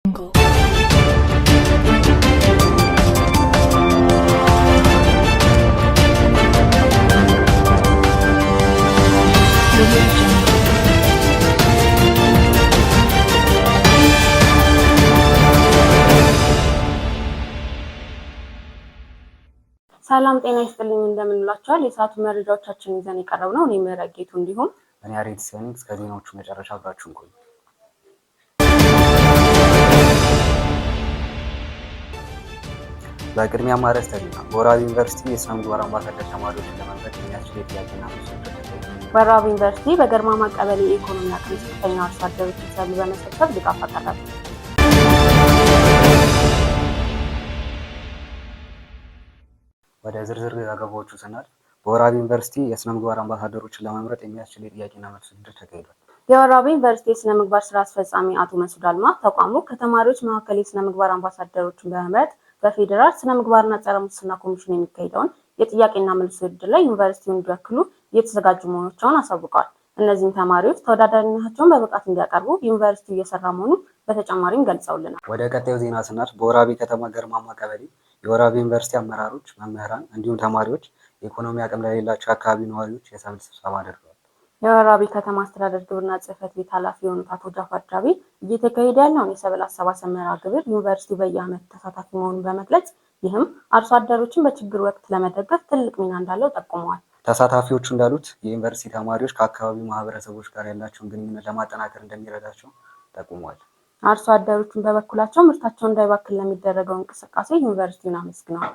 ሰላም ጤና ይስጥልኝ እንደምንላችኋል። የሰዓቱ መረጃዎቻችን ይዘን የቀረብ ነው። እኔ ምህረት እንዲሁም እኔ አሬት ሲሆን እስከ ዜናዎቹ መጨረሻ አብራችሁን ቆዩ። በቅድሚያ ማረስተኛ ወራቢ ዩኒቨርሲቲ የስነ ምግባር አምባሳደር ተማሪዎችን ለመምረጥ የሚያስችል የጥያቄና ወራብ ዩኒቨርሲቲ በገርማ ማቀበል የኢኮኖሚና ክሪስ ከፍተኛ አርሶ አደሮች ሰሉ በመሰብሰብ ድጋፍ አቀረበ። ወደ ዝርዝር ዘገባዎቹ ስናል በወራብ ዩኒቨርሲቲ የስነ ምግባር አምባሳደሮችን ለመምረጥ የሚያስችል የጥያቄና መልስ ውድድር ተካሂዷል። የወራቢ ዩኒቨርሲቲ የስነ ምግባር ስራ አስፈጻሚ አቶ መሱድ አልማ ተቋሙ ከተማሪዎች መካከል የስነ ምግባር አምባሳደሮችን በመምረጥ በፌዴራል ስነ ምግባርና ጸረ ሙስና ኮሚሽን የሚካሄደውን የጥያቄና መልስ ውድድር ላይ ዩኒቨርሲቲውን እንዲወክሉ እየተዘጋጁ መሆናቸውን አሳውቀዋል። እነዚህም ተማሪዎች ተወዳዳሪነታቸውን በብቃት እንዲያቀርቡ ዩኒቨርሲቲው እየሰራ መሆኑ በተጨማሪም ገልጸውልናል። ወደ ቀጣዩ ዜና ስናልፍ በወራቤ ከተማ ገርማማ ቀበሌ የወራቤ ዩኒቨርሲቲ አመራሮች፣ መምህራን እንዲሁም ተማሪዎች የኢኮኖሚ አቅም ለሌላቸው አካባቢ ነዋሪዎች የሰብል ስብሰባ አድርገዋል። የወራቤ ከተማ አስተዳደር ግብርና ጽህፈት ቤት ኃላፊ የሆኑት አቶ ጃፋር ጃቤ እየተካሄደ ያለውን የሰብል አሰባሰብ መርሃ ግብር ዩኒቨርሲቲ በየዓመቱ ተሳታፊ መሆኑን በመግለጽ ይህም አርሶ አደሮችን በችግር ወቅት ለመደገፍ ትልቅ ሚና እንዳለው ጠቁመዋል። ተሳታፊዎቹ እንዳሉት የዩኒቨርሲቲ ተማሪዎች ከአካባቢው ማህበረሰቦች ጋር ያላቸውን ግንኙነት ለማጠናከር እንደሚረዳቸው ጠቁመዋል። አርሶ አደሮቹን በበኩላቸው ምርታቸውን እንዳይባክል ለሚደረገው እንቅስቃሴ ዩኒቨርሲቲውን አመስግነዋል።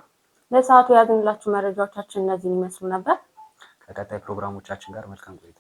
ለሰዓቱ ያዝንላችሁ መረጃዎቻችን እነዚህን ይመስሉ ነበር። ከቀጣይ ፕሮግራሞቻችን ጋር መልካም ቆይታ